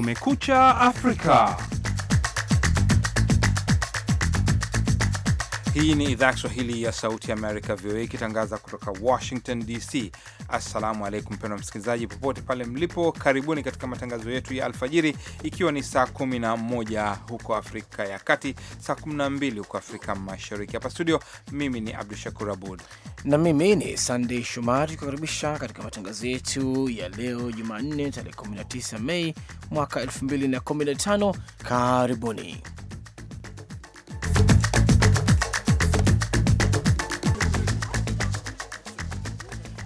Kumekucha Afrika. Hii ni idhaa ya Kiswahili ya Sauti ya Amerika, VOA, ikitangaza kutoka Washington DC. Assalamu alaikum mpendwa msikilizaji, popote pale mlipo, karibuni katika matangazo yetu ya alfajiri, ikiwa ni saa 11 huko Afrika ya Kati, saa 12 huko Afrika Mashariki. Hapa studio, mimi ni Abdu Shakur Abud na mimi ni Sandey Shumari, kukaribisha katika matangazo yetu ya leo Jumanne, tarehe 19 Mei mwaka 2015. Karibuni.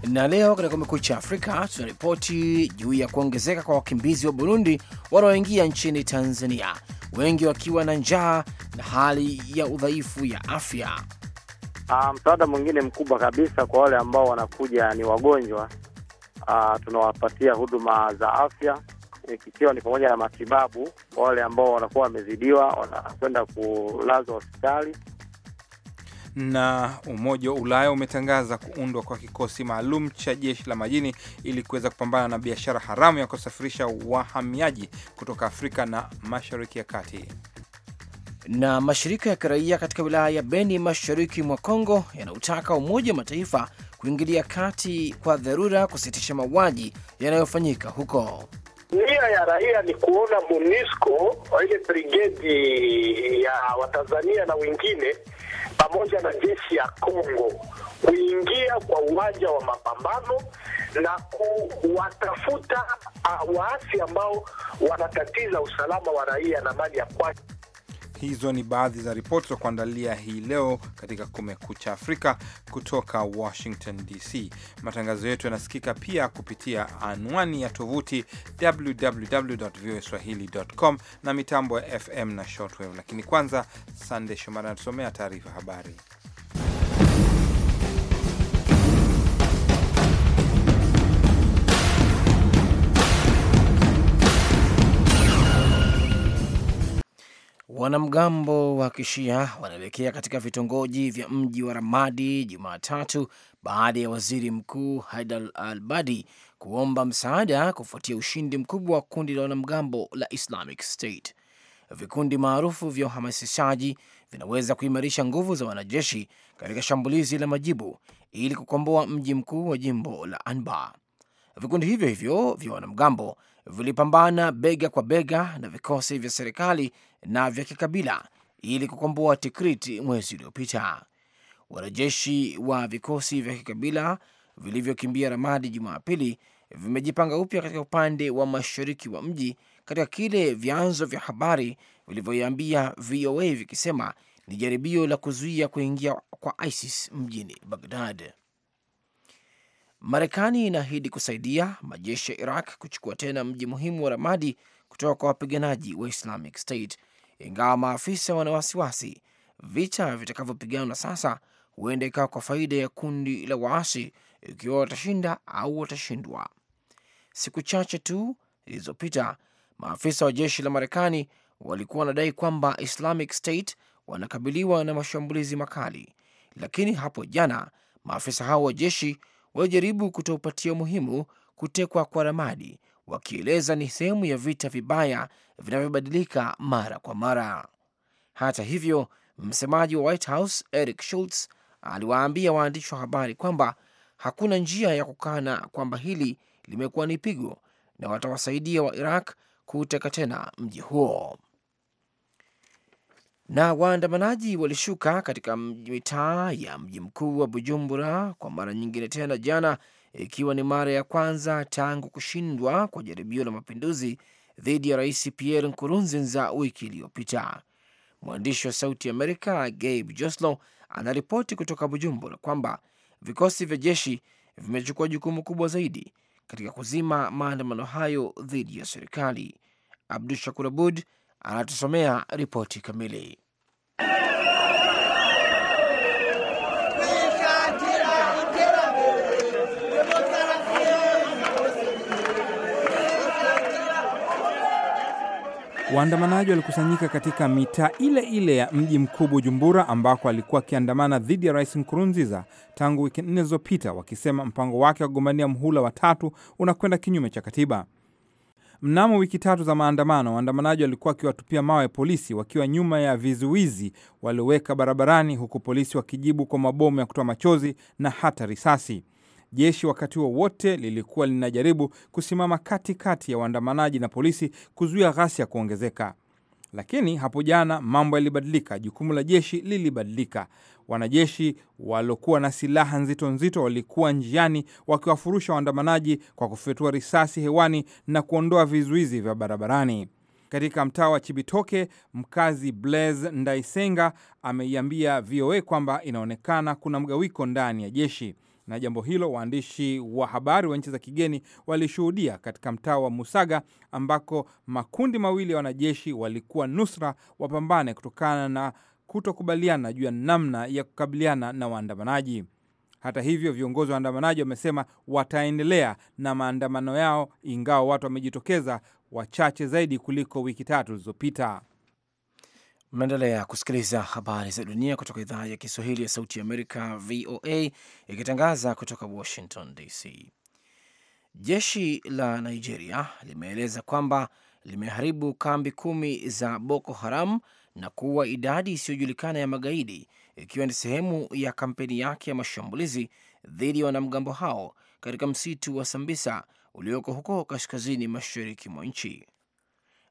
Na leo katika Kumekucha Afrika tunaripoti juu ya kuongezeka kwa wakimbizi wa Burundi wanaoingia nchini Tanzania, wengi wakiwa na njaa na hali ya udhaifu ya afya. Ah, msaada um, mwingine mkubwa kabisa kwa wale ambao wanakuja ni wagonjwa uh, tunawapatia huduma za afya ikiwa ni pamoja na matibabu kwa wale ambao wanakuwa wamezidiwa, wanakwenda kulazwa hospitali na Umoja wa Ulaya umetangaza kuundwa kwa kikosi maalum cha jeshi la majini ili kuweza kupambana na biashara haramu ya kusafirisha wahamiaji kutoka Afrika na Mashariki ya Kati. Na mashirika ya kiraia katika wilaya ya Beni mashariki mwa Kongo yanautaka Umoja wa Mataifa kuingilia kati kwa dharura kusitisha mauaji yanayofanyika huko. Nia ya raia ni kuona MONUSCO ile brigedi ya Watanzania na wengine pamoja na jeshi ya Kongo kuingia kwa uwanja wa mapambano na kuwatafuta uh, waasi ambao wanatatiza usalama wa raia na mali ya kwake. Hizo ni baadhi za ripoti za kuandalia hii leo katika Kumekucha Afrika kutoka Washington DC. Matangazo yetu yanasikika pia kupitia anwani ya tovuti www voa www.voaswahili.com na mitambo ya FM na shortwave. Lakini kwanza, sandey Shomari anatusomea taarifa habari. Wanamgambo wa kishia wanaelekea katika vitongoji vya mji wa Ramadi Jumatatu baada ya waziri mkuu Haidar al-Badi kuomba msaada kufuatia ushindi mkubwa wa kundi la wanamgambo la Islamic State. Vikundi maarufu vya uhamasishaji vinaweza kuimarisha nguvu za wanajeshi katika shambulizi la majibu ili kukomboa mji mkuu wa jimbo la Anbar. Vikundi hivyo hivyo vya wanamgambo vilipambana bega kwa bega na vikosi vya serikali na vya kikabila ili kukomboa Tikriti mwezi uliopita. Wanajeshi wa vikosi vya kikabila vilivyokimbia Ramadi Jumapili vimejipanga upya katika upande wa mashariki wa mji, katika kile vyanzo vya habari vilivyoiambia VOA vikisema ni jaribio la kuzuia kuingia kwa ISIS mjini Bagdad. Marekani inaahidi kusaidia majeshi ya Iraq kuchukua tena mji muhimu wa Ramadi kutoka kwa wapiganaji wa Islamic State, ingawa maafisa wana wasiwasi vita vitakavyopiganwa sasa huenda ikawa kwa faida ya kundi la waasi ikiwa watashinda au watashindwa. Siku chache tu zilizopita, maafisa wa jeshi la Marekani walikuwa wanadai kwamba Islamic State wanakabiliwa na mashambulizi makali, lakini hapo jana maafisa hao wa jeshi walijaribu kutoupatia umuhimu kutekwa kwa Ramadi, wakieleza ni sehemu ya vita vibaya vinavyobadilika mara kwa mara. Hata hivyo, msemaji wa White House Eric Schultz aliwaambia waandishi wa habari kwamba hakuna njia ya kukana kwamba hili limekuwa ni pigo na watawasaidia wa Iraq kuuteka tena mji huo. Na waandamanaji walishuka katika mitaa ya mji mkuu wa Bujumbura kwa mara nyingine tena jana, ikiwa ni mara ya kwanza tangu kushindwa kwa jaribio la mapinduzi dhidi ya Rais Pierre Nkurunziza wiki iliyopita. Mwandishi wa Sauti Amerika Gabe Joslow anaripoti kutoka Bujumbura kwamba vikosi vya jeshi vimechukua jukumu kubwa zaidi katika kuzima maandamano hayo dhidi ya serikali. Abdu Shakur Abud anatusomea ripoti kamili. Waandamanaji walikusanyika katika mitaa ile ile ya mji mkuu Bujumbura, ambako alikuwa akiandamana dhidi ya Rais Nkurunziza tangu wiki nne zilizopita, wakisema mpango wake wa kugombania mhula wa tatu unakwenda kinyume cha katiba. Mnamo wiki tatu za maandamano, waandamanaji walikuwa wakiwatupia mawe polisi wakiwa nyuma ya vizuizi walioweka barabarani, huku polisi wakijibu kwa mabomu ya kutoa machozi na hata risasi. Jeshi wakati huo wote lilikuwa linajaribu kusimama katikati kati ya waandamanaji na polisi kuzuia ghasia kuongezeka. Lakini hapo jana mambo yalibadilika, jukumu la jeshi lilibadilika. Wanajeshi waliokuwa na silaha nzito nzito walikuwa njiani wakiwafurusha waandamanaji kwa kufyatua risasi hewani na kuondoa vizuizi vya barabarani. Katika mtaa wa Chibitoke, mkazi Blaise Ndaisenga ameiambia VOA kwamba inaonekana kuna mgawiko ndani ya jeshi na jambo hilo waandishi wa habari wa nchi za kigeni walishuhudia katika mtaa wa Musaga ambako makundi mawili ya wanajeshi walikuwa nusra wapambane kutokana na kutokubaliana juu ya namna ya kukabiliana na waandamanaji. Hata hivyo, viongozi wa waandamanaji wamesema wataendelea na maandamano yao ingawa watu wamejitokeza wachache zaidi kuliko wiki tatu zilizopita. Mnaendelea kusikiliza habari za dunia kutoka idhaa ya Kiswahili ya Sauti ya Amerika, VOA, ikitangaza kutoka Washington DC. Jeshi la Nigeria limeeleza kwamba limeharibu kambi kumi za Boko Haram na kuwa idadi isiyojulikana ya magaidi ikiwa ni sehemu ya kampeni yake ya mashambulizi dhidi ya wanamgambo hao katika msitu wa Sambisa ulioko huko kaskazini mashariki mwa nchi.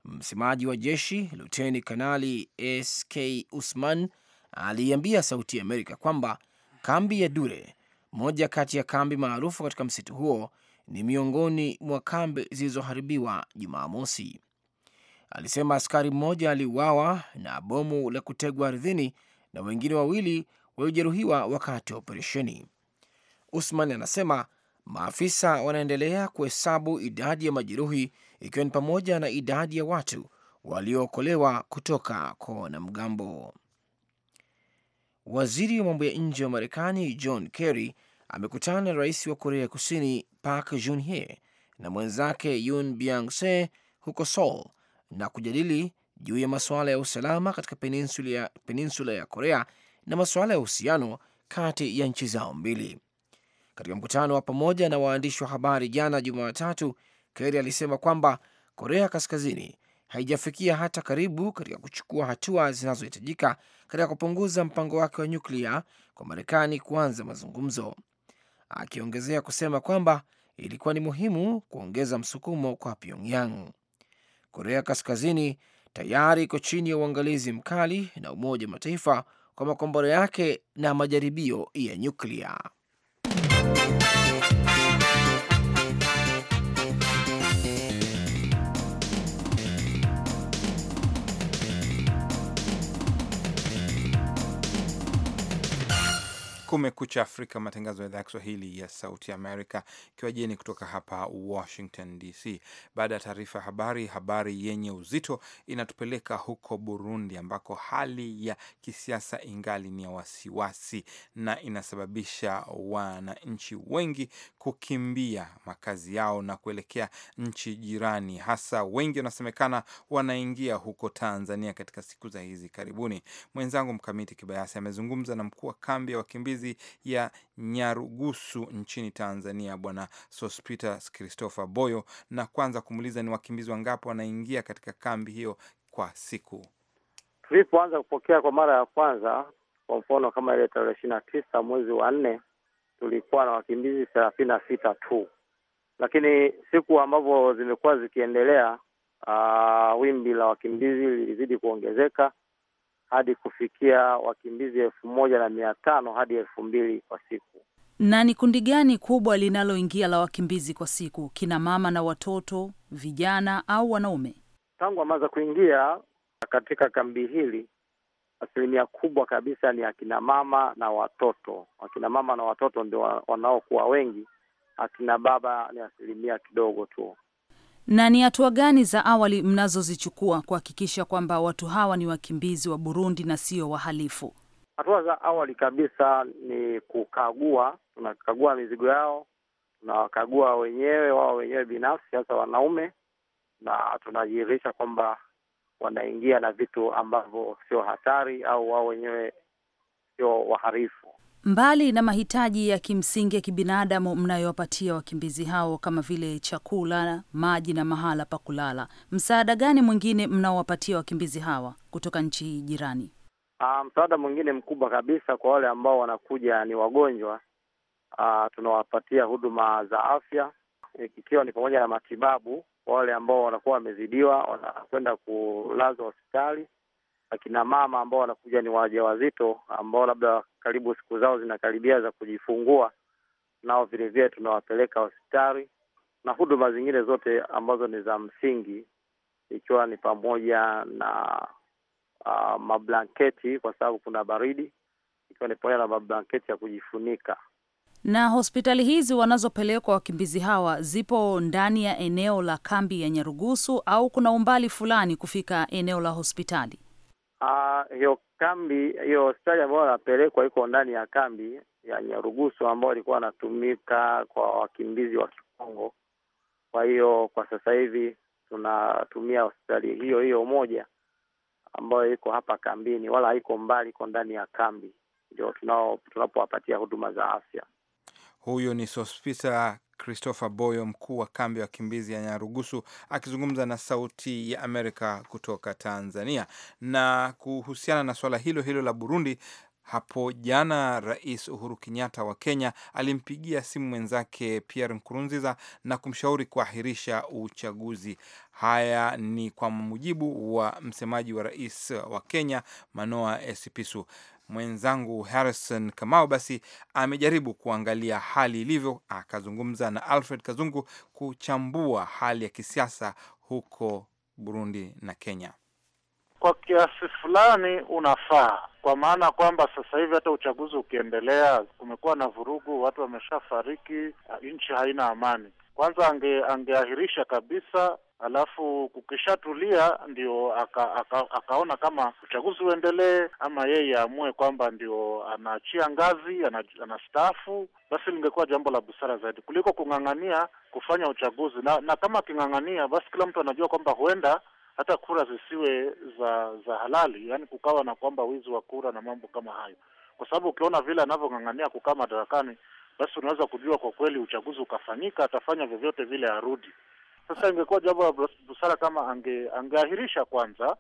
Msemaji wa jeshi Luteni Kanali SK Usman aliiambia Sauti ya Amerika kwamba kambi ya Dure, moja kati ya kambi maarufu katika msitu huo, ni miongoni mwa kambi zilizoharibiwa Jumamosi alisema askari mmoja aliuawa na bomu la kutegwa ardhini na wengine wawili waliojeruhiwa wakati wa operesheni. Usman anasema maafisa wanaendelea kuhesabu idadi ya majeruhi ikiwa ni pamoja na idadi ya watu waliookolewa kutoka kwa wanamgambo. Waziri wa mambo ya nje wa Marekani John Kerry amekutana na rais wa Korea Kusini Park Geun-hye na mwenzake Yoon Byung-se huko Seoul na kujadili juu ya masuala ya usalama katika peninsula ya, peninsula ya Korea na masuala ya uhusiano kati ya nchi zao mbili. Katika mkutano wa pamoja na waandishi wa habari jana Jumatatu, Kerry alisema kwamba Korea Kaskazini haijafikia hata karibu katika kuchukua hatua zinazohitajika katika kupunguza mpango wake wa nyuklia kwa Marekani kuanza mazungumzo, akiongezea kusema kwamba ilikuwa ni muhimu kuongeza msukumo kwa Pyongyang. Korea Kaskazini tayari iko chini ya uangalizi mkali na Umoja wa Mataifa kwa makombora yake na majaribio ya nyuklia. Kumekucha Afrika, matangazo ya idhaa ya Kiswahili ya Sauti Amerika, ikiwa jeni kutoka hapa Washington DC. Baada ya taarifa ya habari, habari yenye uzito inatupeleka huko Burundi, ambako hali ya kisiasa ingali ni ya wasiwasi na inasababisha wananchi wengi kukimbia makazi yao na kuelekea nchi jirani, hasa wengi wanasemekana wanaingia huko Tanzania katika siku za hizi karibuni. Mwenzangu Mkamiti Kibayasi amezungumza na mkuu wa kambi ya wakimbizi mapokezi ya Nyarugusu nchini Tanzania, Bwana Sospeter Christopher Boyo, na kwanza kumuuliza ni wakimbizi wangapi wanaingia katika kambi hiyo kwa siku. Tulipoanza kupokea kwa mara ya kwanza, kwa mfano kama ile tarehe ishirini na tisa mwezi wa nne tulikuwa na wakimbizi thelathini na sita tu, lakini siku ambavyo zimekuwa zikiendelea, uh, wimbi la wakimbizi lilizidi kuongezeka hadi kufikia wakimbizi elfu moja na mia tano hadi elfu mbili kwa siku. Na ni kundi gani kubwa linaloingia la wakimbizi kwa siku? Kina mama na watoto, vijana au wanaume? Tangu wameanza kuingia katika kambi hili, asilimia kubwa kabisa ni akina mama na watoto. Akina mama na watoto ndio wanaokuwa wengi, akina baba ni asilimia kidogo tu. Na ni hatua gani za awali mnazozichukua kuhakikisha kwamba watu hawa ni wakimbizi wa Burundi na sio wahalifu? Hatua za awali kabisa ni kukagua, tunakagua mizigo yao, tunawakagua wenyewe wao wenyewe binafsi, hasa wanaume, na tunajiridhisha kwamba wanaingia na vitu ambavyo sio hatari au wao wenyewe sio waharifu Mbali na mahitaji ya kimsingi ya kibinadamu mnayowapatia wakimbizi hao kama vile chakula, maji na mahala pa kulala, msaada gani mwingine mnaowapatia wakimbizi hawa kutoka nchi hii jirani? Aa, ah, msaada mwingine mkubwa kabisa kwa wale ambao wanakuja ni wagonjwa. Ah, tunawapatia huduma za afya ikiwa ni pamoja na matibabu kwa wale ambao wanakuwa wamezidiwa, wanakwenda kulazwa hospitali. Akina mama ambao wanakuja ni wajawazito ambao labda karibu siku zao zinakaribia za kujifungua, nao vilevile tunawapeleka hospitali na huduma zingine zote ambazo ni za msingi, ikiwa ni pamoja na uh, mablanketi kwa sababu kuna baridi, ikiwa ni pamoja na mablanketi ya kujifunika. Na hospitali hizi wanazopelekwa wakimbizi hawa zipo ndani ya eneo la kambi ya Nyarugusu au kuna umbali fulani kufika eneo la hospitali? Ah, hiyo kambi hiyo hospitali ambayo anapelekwa iko ndani ya kambi ya Nyarugusu ambayo alikuwa anatumika kwa wakimbizi wa Kikongo. Kwa hiyo kwa sasa hivi tunatumia hospitali hiyo hiyo moja ambayo iko hapa kambini, wala haiko mbali, iko ndani ya kambi ndio tunapowapatia huduma za afya. Huyu ni Sospita Christopher Boyo, mkuu wa kambi ya wakimbizi ya Nyarugusu, akizungumza na Sauti ya Amerika kutoka Tanzania. Na kuhusiana na suala hilo hilo la Burundi, hapo jana Rais Uhuru Kenyatta wa Kenya alimpigia simu mwenzake Pierre Nkurunziza na kumshauri kuahirisha uchaguzi. Haya ni kwa mujibu wa msemaji wa rais wa Kenya Manoa Esipisu. Mwenzangu Harrison Kamau basi amejaribu kuangalia hali ilivyo, akazungumza na Alfred Kazungu kuchambua hali ya kisiasa huko Burundi na Kenya. Kwa kiasi fulani unafaa, kwa maana kwamba sasa hivi hata uchaguzi ukiendelea, kumekuwa na vurugu, watu wameshafariki, nchi haina amani. Kwanza ange- angeahirisha kabisa alafu kukishatulia ndio aka, aka, akaona kama uchaguzi uendelee ama yeye aamue kwamba ndio anaachia ngazi anastaafu, basi lingekuwa jambo la busara zaidi kuliko kung'ang'ania kufanya uchaguzi na, na kama aking'ang'ania basi kila mtu anajua kwamba huenda hata kura zisiwe za za halali, yaani kukawa na kwamba wizi wa kura na mambo kama hayo, kwa sababu ukiona vile anavyong'ang'ania kukaa madarakani, basi unaweza kujua kwa kweli uchaguzi ukafanyika, atafanya vyovyote vile arudi. Sasa ingekuwa jambo la busara kama ange, angeahirisha kwanza.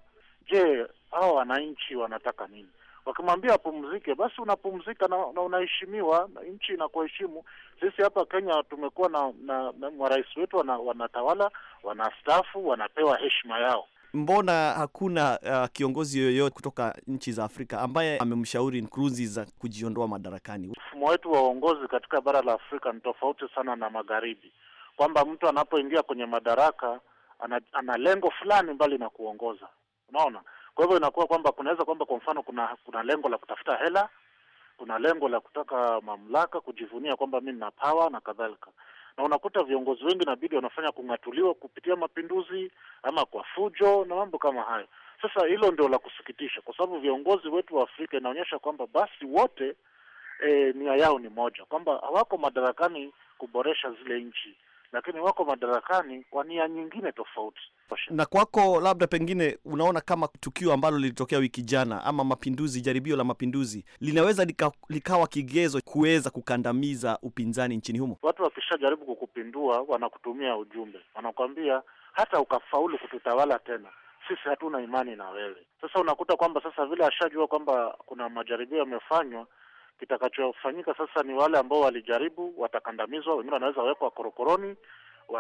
Je, hawa wananchi wanataka nini? Wakimwambia apumzike, basi unapumzika na, na unaheshimiwa, nchi inakuheshimu. Sisi hapa Kenya tumekuwa na, na, na marais wetu wana, wanatawala, wanastaafu, wanapewa heshima yao. Mbona hakuna uh, kiongozi yoyote kutoka nchi za Afrika ambaye amemshauri Nkurunziza kujiondoa madarakani? Mfumo wetu wa uongozi katika bara la Afrika ni tofauti sana na magharibi kwamba mtu anapoingia kwenye madaraka ana, ana lengo fulani mbali na kuongoza, unaona. Kwa hivyo inakuwa kwamba kunaweza kwamba kwa mfano kuna kuna lengo la kutafuta hela, kuna lengo la kutaka mamlaka, kujivunia kwamba mimi nina pawa na kadhalika, na unakuta viongozi wengi nabidi wanafanya kung'atuliwa kupitia mapinduzi ama kwa fujo na mambo kama hayo. Sasa hilo ndio la kusikitisha, kwa sababu viongozi wetu wa Afrika inaonyesha kwamba basi wote e, nia yao ni moja, kwamba hawako madarakani kuboresha zile nchi lakini wako madarakani kwa nia nyingine tofauti. Na kwako, labda pengine unaona kama tukio ambalo lilitokea wiki jana ama mapinduzi, jaribio la mapinduzi linaweza lika, likawa kigezo kuweza kukandamiza upinzani nchini humo. Watu wakishajaribu kukupindua, wanakutumia ujumbe, wanakuambia hata ukafaulu kututawala tena sisi hatuna imani na wewe. Sasa unakuta kwamba sasa vile ashajua kwamba kuna majaribio yamefanywa, Kitakachofanyika sasa ni wale ambao walijaribu watakandamizwa, wengine wanaweza wekwa korokoroni,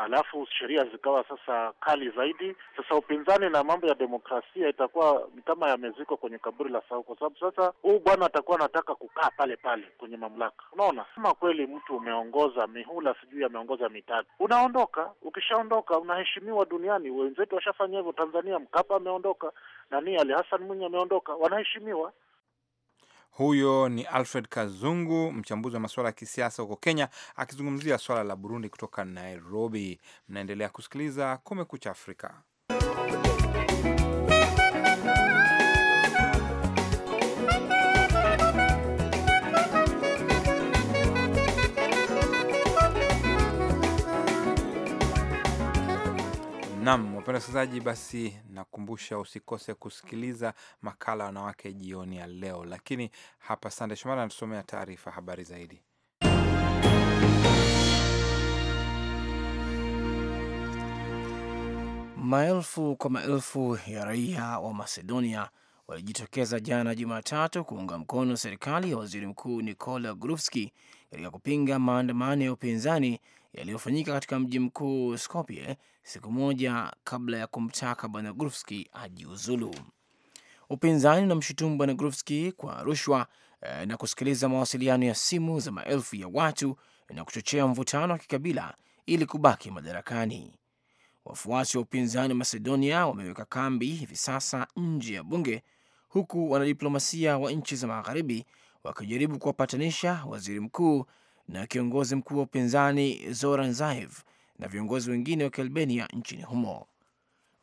alafu sheria zikawa sasa kali zaidi. Sasa upinzani na mambo ya demokrasia itakuwa ni kama yamezikwa kwenye kaburi la sahau, kwa sababu sasa huu bwana atakuwa anataka kukaa pale pale kwenye mamlaka. Unaona, kama kweli mtu umeongoza mihula sijui ameongoza mitatu, unaondoka. Ukishaondoka unaheshimiwa duniani. Wenzetu washafanya hivyo Tanzania, Mkapa ameondoka, nani Ali Hassan Mwinyi ameondoka, wanaheshimiwa. Huyo ni Alfred Kazungu, mchambuzi wa masuala ya kisiasa huko Kenya, akizungumzia swala la Burundi kutoka Nairobi. Mnaendelea kusikiliza Kumekucha Afrika. Nam wapenda wasikilizaji, basi nakumbusha usikose kusikiliza makala wanawake jioni ya leo. Lakini hapa Sande Shomari anatusomea taarifa habari zaidi. Maelfu kwa maelfu ya raia wa Macedonia walijitokeza jana Jumatatu kuunga mkono serikali ya waziri mkuu Nikola Grufski katika kupinga maandamano ya upinzani yaliyofanyika katika mji mkuu Skopje siku moja kabla ya kumtaka bwana Grufski ajiuzulu. Upinzani mshutumu bwana Grufski kwa rushwa eh, na kusikiliza mawasiliano ya simu za maelfu ya watu na kuchochea mvutano wa kikabila ili kubaki madarakani. Wafuasi wa upinzani wa Macedonia wameweka kambi hivi sasa nje ya bunge, huku wanadiplomasia wa nchi za magharibi wakijaribu kuwapatanisha waziri mkuu na kiongozi mkuu wa upinzani Zoran Zaev na viongozi wengine wa Kialbania nchini humo.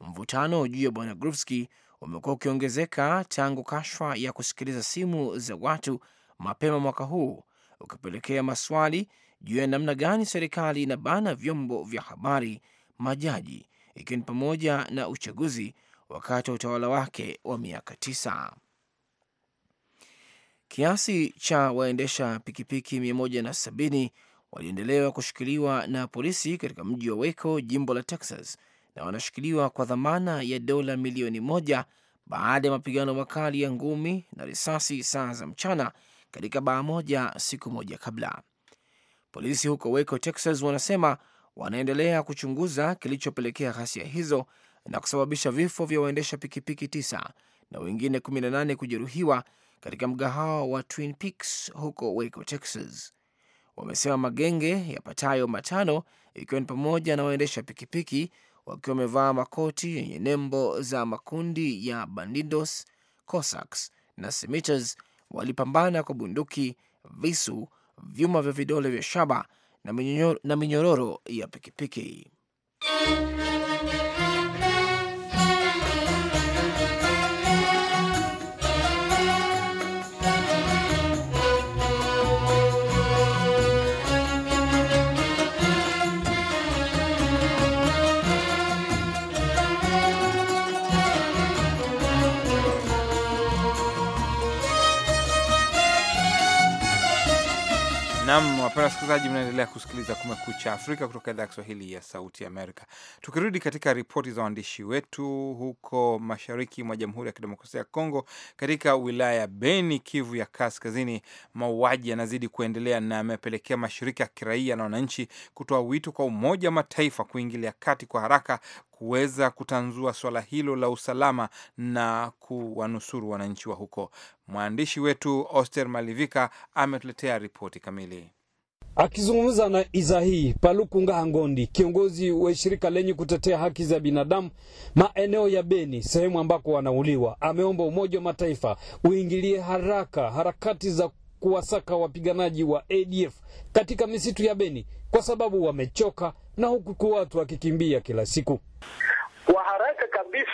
Mvutano juu ya bwana Grufski umekuwa ukiongezeka tangu kashfa ya kusikiliza simu za watu mapema mwaka huu, ukipelekea maswali juu ya namna gani serikali inabana vyombo vya habari, majaji, ikiwa ni pamoja na uchaguzi wakati wa utawala wake wa miaka tisa. Kiasi cha waendesha pikipiki 170 waliendelea kushikiliwa na polisi katika mji wa Waco, jimbo la Texas, na wanashikiliwa kwa dhamana ya dola milioni moja baada ya mapigano makali ya ngumi na risasi saa za mchana katika baa moja siku moja kabla. Polisi huko Waco, Texas, wanasema wanaendelea kuchunguza kilichopelekea ghasia hizo na kusababisha vifo vya waendesha pikipiki tisa na wengine 18 kujeruhiwa katika mgahawa wa Twin Peaks huko Waco, Texas wamesema magenge yapatayo matano ikiwa ni pamoja na waendesha pikipiki wakiwa wamevaa makoti yenye nembo za makundi ya Bandidos, Cossacks na Simitas walipambana kwa bunduki, visu, vyuma vya vidole vya shaba na minyororo ya pikipiki. Nam, wapenda wasikilizaji, mnaendelea kusikiliza Kumekucha Afrika kutoka idhaa ya Kiswahili ya Sauti Amerika. Tukirudi katika ripoti za waandishi wetu huko mashariki mwa Jamhuri ya Kidemokrasia ya Kongo, katika wilaya ya Beni, Kivu ya Kaskazini, mauaji yanazidi kuendelea na yamepelekea mashirika ya kiraia na wananchi kutoa wito kwa Umoja wa Mataifa kuingilia kati kwa haraka kuweza kutanzua swala hilo la usalama na kuwanusuru wananchi wa huko. Mwandishi wetu Oster Malivika ametuletea ripoti kamili. Akizungumza na Izahi Paluku Ngaha Ngondi, kiongozi wa shirika lenye kutetea haki za binadamu maeneo ya Beni, sehemu ambako wanauliwa, ameomba Umoja wa Mataifa uingilie haraka harakati za kuwasaka wapiganaji wa ADF katika misitu ya Beni kwa sababu wamechoka na huku watu wakikimbia kila siku kwa haraka kabisa.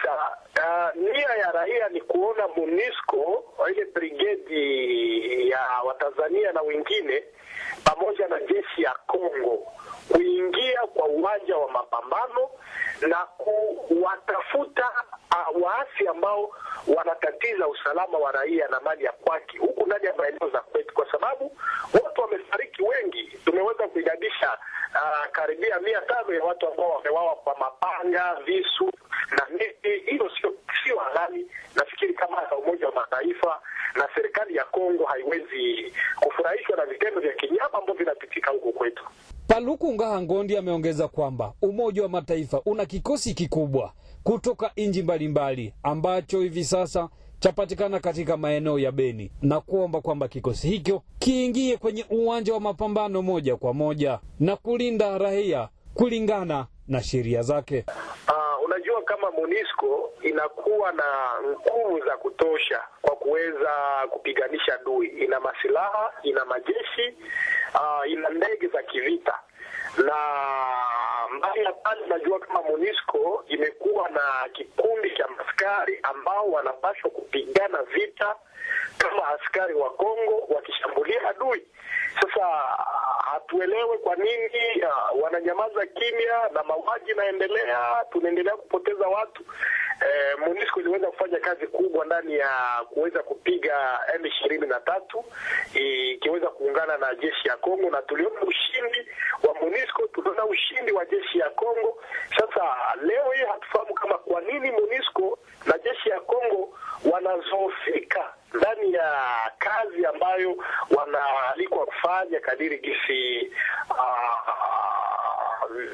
Uh, nia ya raia ni kuona MONUSCO uh, ile brigedi ya Watanzania na wengine pamoja na jeshi ya Kongo kuingia kwa uwanja wa mapambano na kuwatafuta uh, waasi ambao wanatatiza usalama wa raia na mali ya kwake huku ndani ya maeneo za kwetu, kwa sababu kuidadisha uh, ah, karibia mia tano ya watu ambao wamewawa kwa mapanga, visu na neti. Hilo sio sio halali. Nafikiri kama hata Umoja wa Mataifa na serikali ya Kongo haiwezi kufurahishwa na vitendo vya kinyama ambavyo vinapitika huku kwetu. Paluku Ngaha Ngondi ameongeza kwamba Umoja wa Mataifa una kikosi kikubwa kutoka nchi mbalimbali ambacho hivi sasa chapatikana katika maeneo ya Beni na kuomba kwamba kikosi hicho kiingie kwenye uwanja wa mapambano moja kwa moja na kulinda raia kulingana na sheria zake. Uh, unajua kama MONUSCO inakuwa na nguvu za kutosha kwa kuweza kupiganisha adui. Ina masilaha, ina majeshi, uh, ina ndege za kivita na Mbali ya pale, unajua kama MONUSCO imekuwa na kikundi cha maskari ambao wanapaswa kupigana vita kama askari wa Kongo wakishambulia adui sasa hatuelewe kwa nini uh, wananyamaza kimya na mauaji naendelea, tunaendelea kupoteza watu. E, eh, MONUSCO iliweza kufanya kazi kubwa ndani ya kuweza kupiga M ishirini na tatu ikiweza kuungana na jeshi ya Kongo, na tuliona ushindi wa MONUSCO, tuliona ushindi wa jeshi ya Kongo. Sasa leo hii hatufahamu kama kwa nini MONUSCO na jeshi ya Kongo wanazofika ndani ya kazi ambayo wanaalikwa kufanya kadiri gisi uh,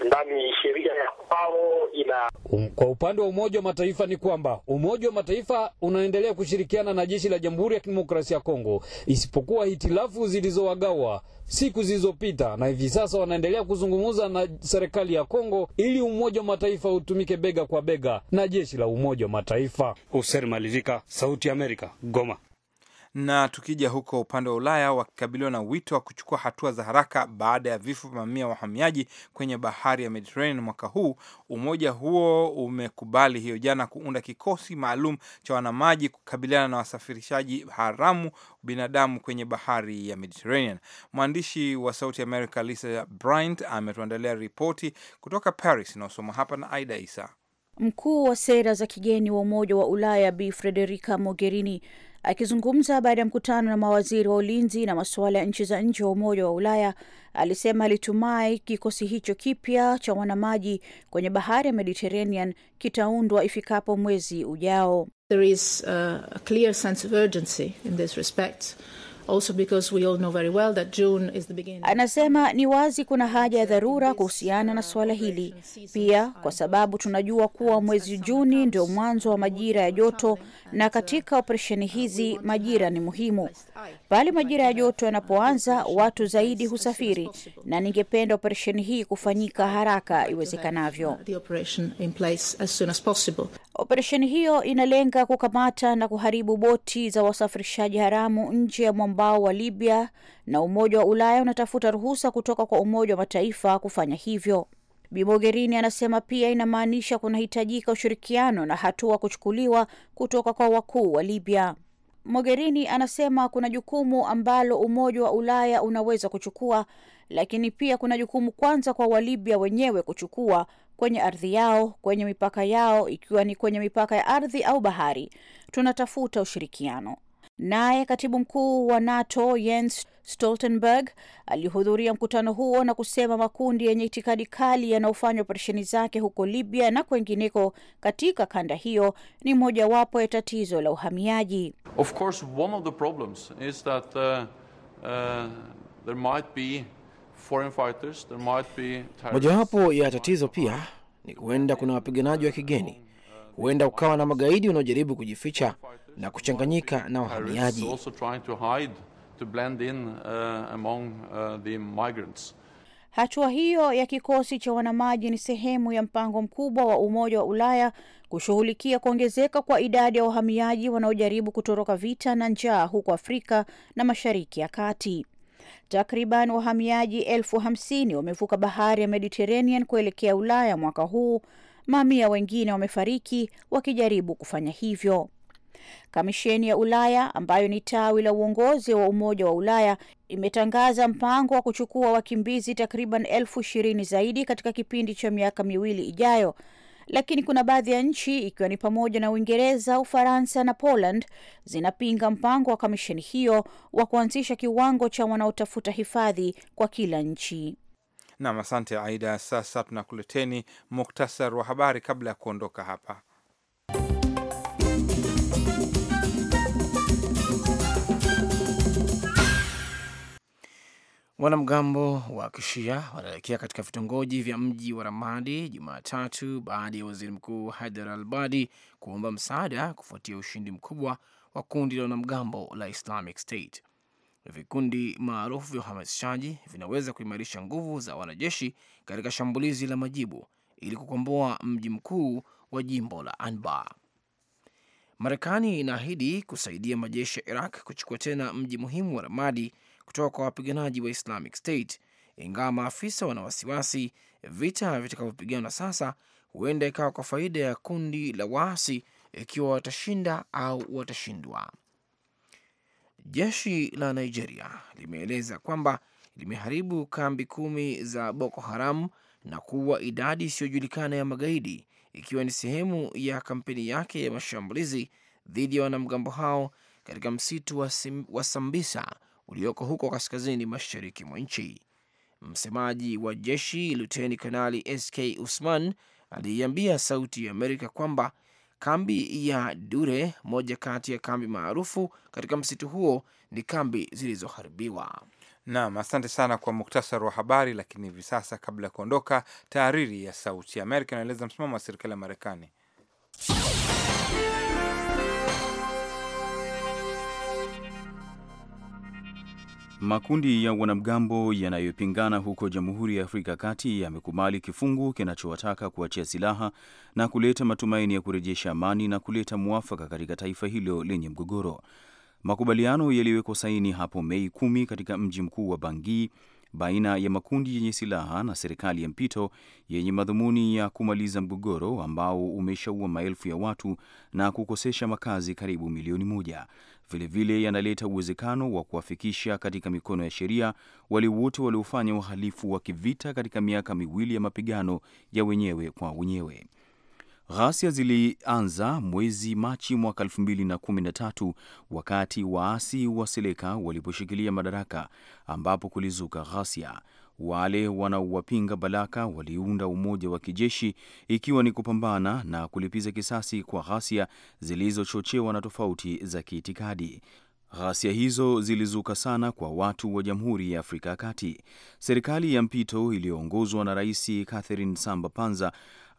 ndani sheria ya kwao ina. Um, kwa upande wa Umoja wa Mataifa ni kwamba Umoja wa Mataifa unaendelea kushirikiana na jeshi la Jamhuri ya Kidemokrasia ya Kongo, isipokuwa hitilafu zilizowagawa siku zilizopita, na hivi sasa wanaendelea kuzungumza na serikali ya Kongo ili Umoja wa Mataifa utumike bega kwa bega na jeshi la Umoja wa Mataifa. User Malivika, Sauti ya Amerika, Goma. Na tukija huko upande wa Ulaya, wakikabiliwa na wito wa kuchukua hatua za haraka baada ya vifo vya mamia wahamiaji kwenye bahari ya Mediterranean mwaka huu, umoja huo umekubali hiyo jana kuunda kikosi maalum cha wanamaji kukabiliana na wasafirishaji haramu binadamu kwenye bahari ya Mediterranean. Mwandishi wa Sauti America Lisa Bryant ametuandalia ripoti kutoka Paris inayosoma hapa na Aida Isa. Mkuu wa sera za kigeni wa Umoja wa Ulaya Bi Frederica Mogherini Akizungumza baada ya mkutano na mawaziri wa ulinzi na masuala ya nchi za nje wa Umoja wa Ulaya, alisema alitumai kikosi hicho kipya cha wanamaji kwenye bahari ya Mediterranean kitaundwa ifikapo mwezi ujao. There is uh, a clear sense of urgency in this respect. Also because we all know very well that June is the beginning. Anasema ni wazi kuna haja ya dharura kuhusiana na suala hili pia, kwa sababu tunajua kuwa mwezi Juni ndio mwanzo wa majira ya joto, na katika operesheni hizi majira ni muhimu. Pale majira ya joto yanapoanza, watu zaidi husafiri, na ningependa operesheni hii kufanyika haraka iwezekanavyo. Operesheni hiyo inalenga kukamata na kuharibu boti za wasafirishaji haramu nje ya mwambao wa Libya na Umoja wa Ulaya unatafuta ruhusa kutoka kwa Umoja wa Mataifa kufanya hivyo. Bi anasema pia inamaanisha kunahitajika ushirikiano na hatua kuchukuliwa kutoka kwa wakuu wa Libya. Mogherini anasema kuna jukumu ambalo Umoja wa Ulaya unaweza kuchukua, lakini pia kuna jukumu kwanza kwa Walibya wenyewe kuchukua kwenye ardhi yao, kwenye mipaka yao, ikiwa ni kwenye mipaka ya ardhi au bahari. Tunatafuta ushirikiano. Naye katibu mkuu wa NATO Jens Stoltenberg alihudhuria mkutano huo na kusema makundi yenye itikadi kali yanayofanya operesheni zake huko Libya na kwengineko katika kanda hiyo ni mojawapo ya tatizo la uhamiaji. Of course one of the problems is that uh, uh, there might be foreign fighters, there might be mojawapo ya tatizo pia ni huenda kuna wapiganaji wa kigeni, huenda ukawa na magaidi wanaojaribu kujificha na kuchanganyika na wahamiaji. Uh, uh, Hatua hiyo ya kikosi cha wanamaji ni sehemu ya mpango mkubwa wa Umoja wa Ulaya kushughulikia kuongezeka kwa idadi ya wahamiaji wanaojaribu kutoroka vita na njaa huko Afrika na Mashariki ya Kati. Takriban wahamiaji elfu hamsini wamevuka bahari ya Mediterranean kuelekea Ulaya mwaka huu. Mamia wengine wamefariki wakijaribu kufanya hivyo. Kamisheni ya Ulaya ambayo ni tawi la uongozi wa Umoja wa Ulaya imetangaza mpango wa kuchukua wakimbizi takriban elfu ishirini zaidi katika kipindi cha miaka miwili ijayo, lakini kuna baadhi ya nchi ikiwa ni pamoja na Uingereza, Ufaransa na Poland zinapinga mpango wa kamisheni hiyo wa kuanzisha kiwango cha wanaotafuta hifadhi kwa kila nchi. Nam, asante Aida. Sasa tunakuleteni muktasar wa habari kabla ya kuondoka hapa. Wanamgambo wa kishia wanaelekea katika vitongoji vya mji wa Ramadi Jumatatu baada ya waziri mkuu Haidar al Badi kuomba msaada kufuatia ushindi mkubwa wa kundi la wanamgambo la Islamic State. Vikundi maarufu vya uhamasishaji vinaweza kuimarisha nguvu za wanajeshi katika shambulizi la majibu ili kukomboa mji mkuu wa jimbo la Anbar. Marekani inaahidi kusaidia majeshi ya Iraq kuchukua tena mji muhimu wa Ramadi kutoka kwa wapiganaji wa Islamic State, ingawa maafisa wana wasiwasi vita vitakavyopiganwa sasa huenda ikawa kwa faida ya kundi la waasi ikiwa watashinda au watashindwa. Jeshi la Nigeria limeeleza kwamba limeharibu kambi kumi za Boko Haram na kuwa idadi isiyojulikana ya magaidi ikiwa ni sehemu ya kampeni yake ya mashambulizi dhidi ya wanamgambo hao katika msitu wa Sambisa ulioko huko kaskazini mashariki mwa nchi. Msemaji wa jeshi Luteni Kanali SK Usman aliiambia Sauti ya Amerika kwamba kambi ya Dure, moja kati ya kambi maarufu katika msitu huo, ni kambi zilizoharibiwa. Naam, asante sana kwa muktasari wa habari. Lakini hivi sasa, kabla ya kuondoka, tahariri ya Sauti ya Amerika inaeleza msimamo wa serikali ya Marekani. Makundi ya wanamgambo yanayopingana huko Jamhuri ya Afrika Kati yamekubali kifungu kinachowataka kuachia silaha na kuleta matumaini ya kurejesha amani na kuleta mwafaka katika taifa hilo lenye mgogoro. Makubaliano yaliwekwa saini hapo Mei kumi katika mji mkuu wa Bangui baina ya makundi yenye silaha na serikali ya mpito yenye madhumuni ya kumaliza mgogoro ambao umeshaua maelfu ya watu na kukosesha makazi karibu milioni moja. Vilevile yanaleta uwezekano wa kuwafikisha katika mikono ya sheria wale wote waliofanya uhalifu wa kivita katika miaka miwili ya mapigano ya wenyewe kwa wenyewe. Ghasia zilianza mwezi Machi mwaka 2013 wakati waasi wa Seleka waliposhikilia madaraka, ambapo kulizuka ghasia. Wale wanaowapinga Balaka waliunda umoja wa kijeshi ikiwa ni kupambana na kulipiza kisasi kwa ghasia zilizochochewa na tofauti za kiitikadi. Ghasia hizo zilizuka sana kwa watu wa Jamhuri ya Afrika ya Kati. Serikali ya mpito iliyoongozwa na Rais Catherine Samba Panza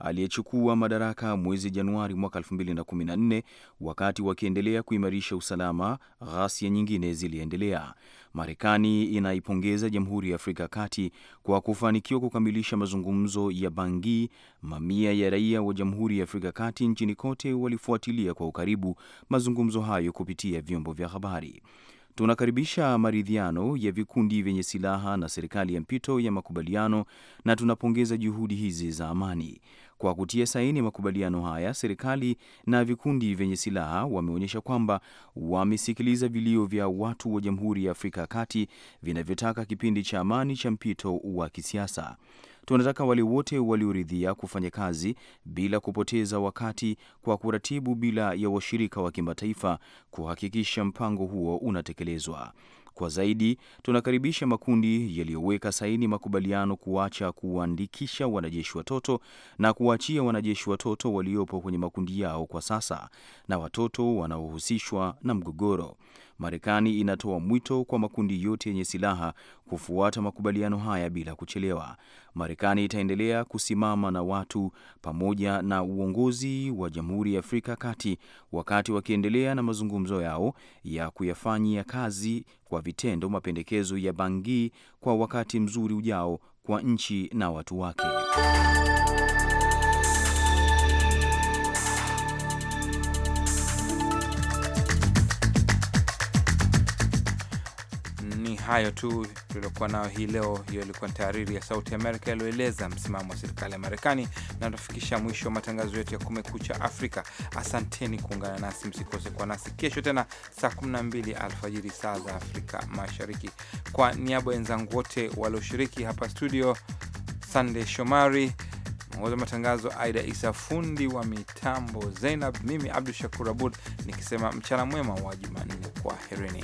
aliyechukua madaraka mwezi Januari mwaka 2014. Wakati wakiendelea kuimarisha usalama, ghasia nyingine ziliendelea. Marekani inaipongeza Jamhuri ya Afrika ya Kati kwa kufanikiwa kukamilisha mazungumzo ya bangi Mamia ya raia wa Jamhuri ya Afrika ya Kati nchini kote walifuatilia kwa ukaribu mazungumzo hayo kupitia vyombo vya habari. Tunakaribisha maridhiano ya vikundi vyenye silaha na serikali ya mpito ya makubaliano na tunapongeza juhudi hizi za amani. Kwa kutia saini makubaliano haya, serikali na vikundi vyenye silaha wameonyesha kwamba wamesikiliza vilio vya watu wa Jamhuri ya Afrika ya Kati vinavyotaka kipindi cha amani cha mpito wa kisiasa. Tunataka wale wote walioridhia kufanya kazi bila kupoteza wakati kwa kuratibu bila ya washirika wa kimataifa kuhakikisha mpango huo unatekelezwa. Kwa zaidi, tunakaribisha makundi yaliyoweka saini makubaliano kuacha kuwaandikisha wanajeshi watoto na kuwaachia wanajeshi watoto waliopo kwenye makundi yao kwa sasa na watoto wanaohusishwa na mgogoro. Marekani inatoa mwito kwa makundi yote yenye silaha kufuata makubaliano haya bila kuchelewa. Marekani itaendelea kusimama na watu pamoja na uongozi wa Jamhuri ya Afrika Kati wakati wakiendelea na mazungumzo yao ya kuyafanyia kazi kwa vitendo mapendekezo ya Bangui kwa wakati mzuri ujao kwa nchi na watu wake. hayo tu tuliokuwa nayo hii leo. Hiyo ilikuwa ni tahariri ya Sauti Amerika yaliyoeleza msimamo wa serikali ya Marekani, na tunafikisha mwisho wa matangazo yetu ya Kumekucha Afrika. Asanteni kuungana nasi, msikose kwa nasi kesho tena saa 12 alfajiri saa za Afrika Mashariki. Kwa niaba ya wenzangu wote walioshiriki hapa studio, Sandey Shomari wa matangazo, Aida Isa fundi wa mitambo, Zeinab mimi Abdu Shakur Abud nikisema mchana mwema wa Jumanne, kwa herini.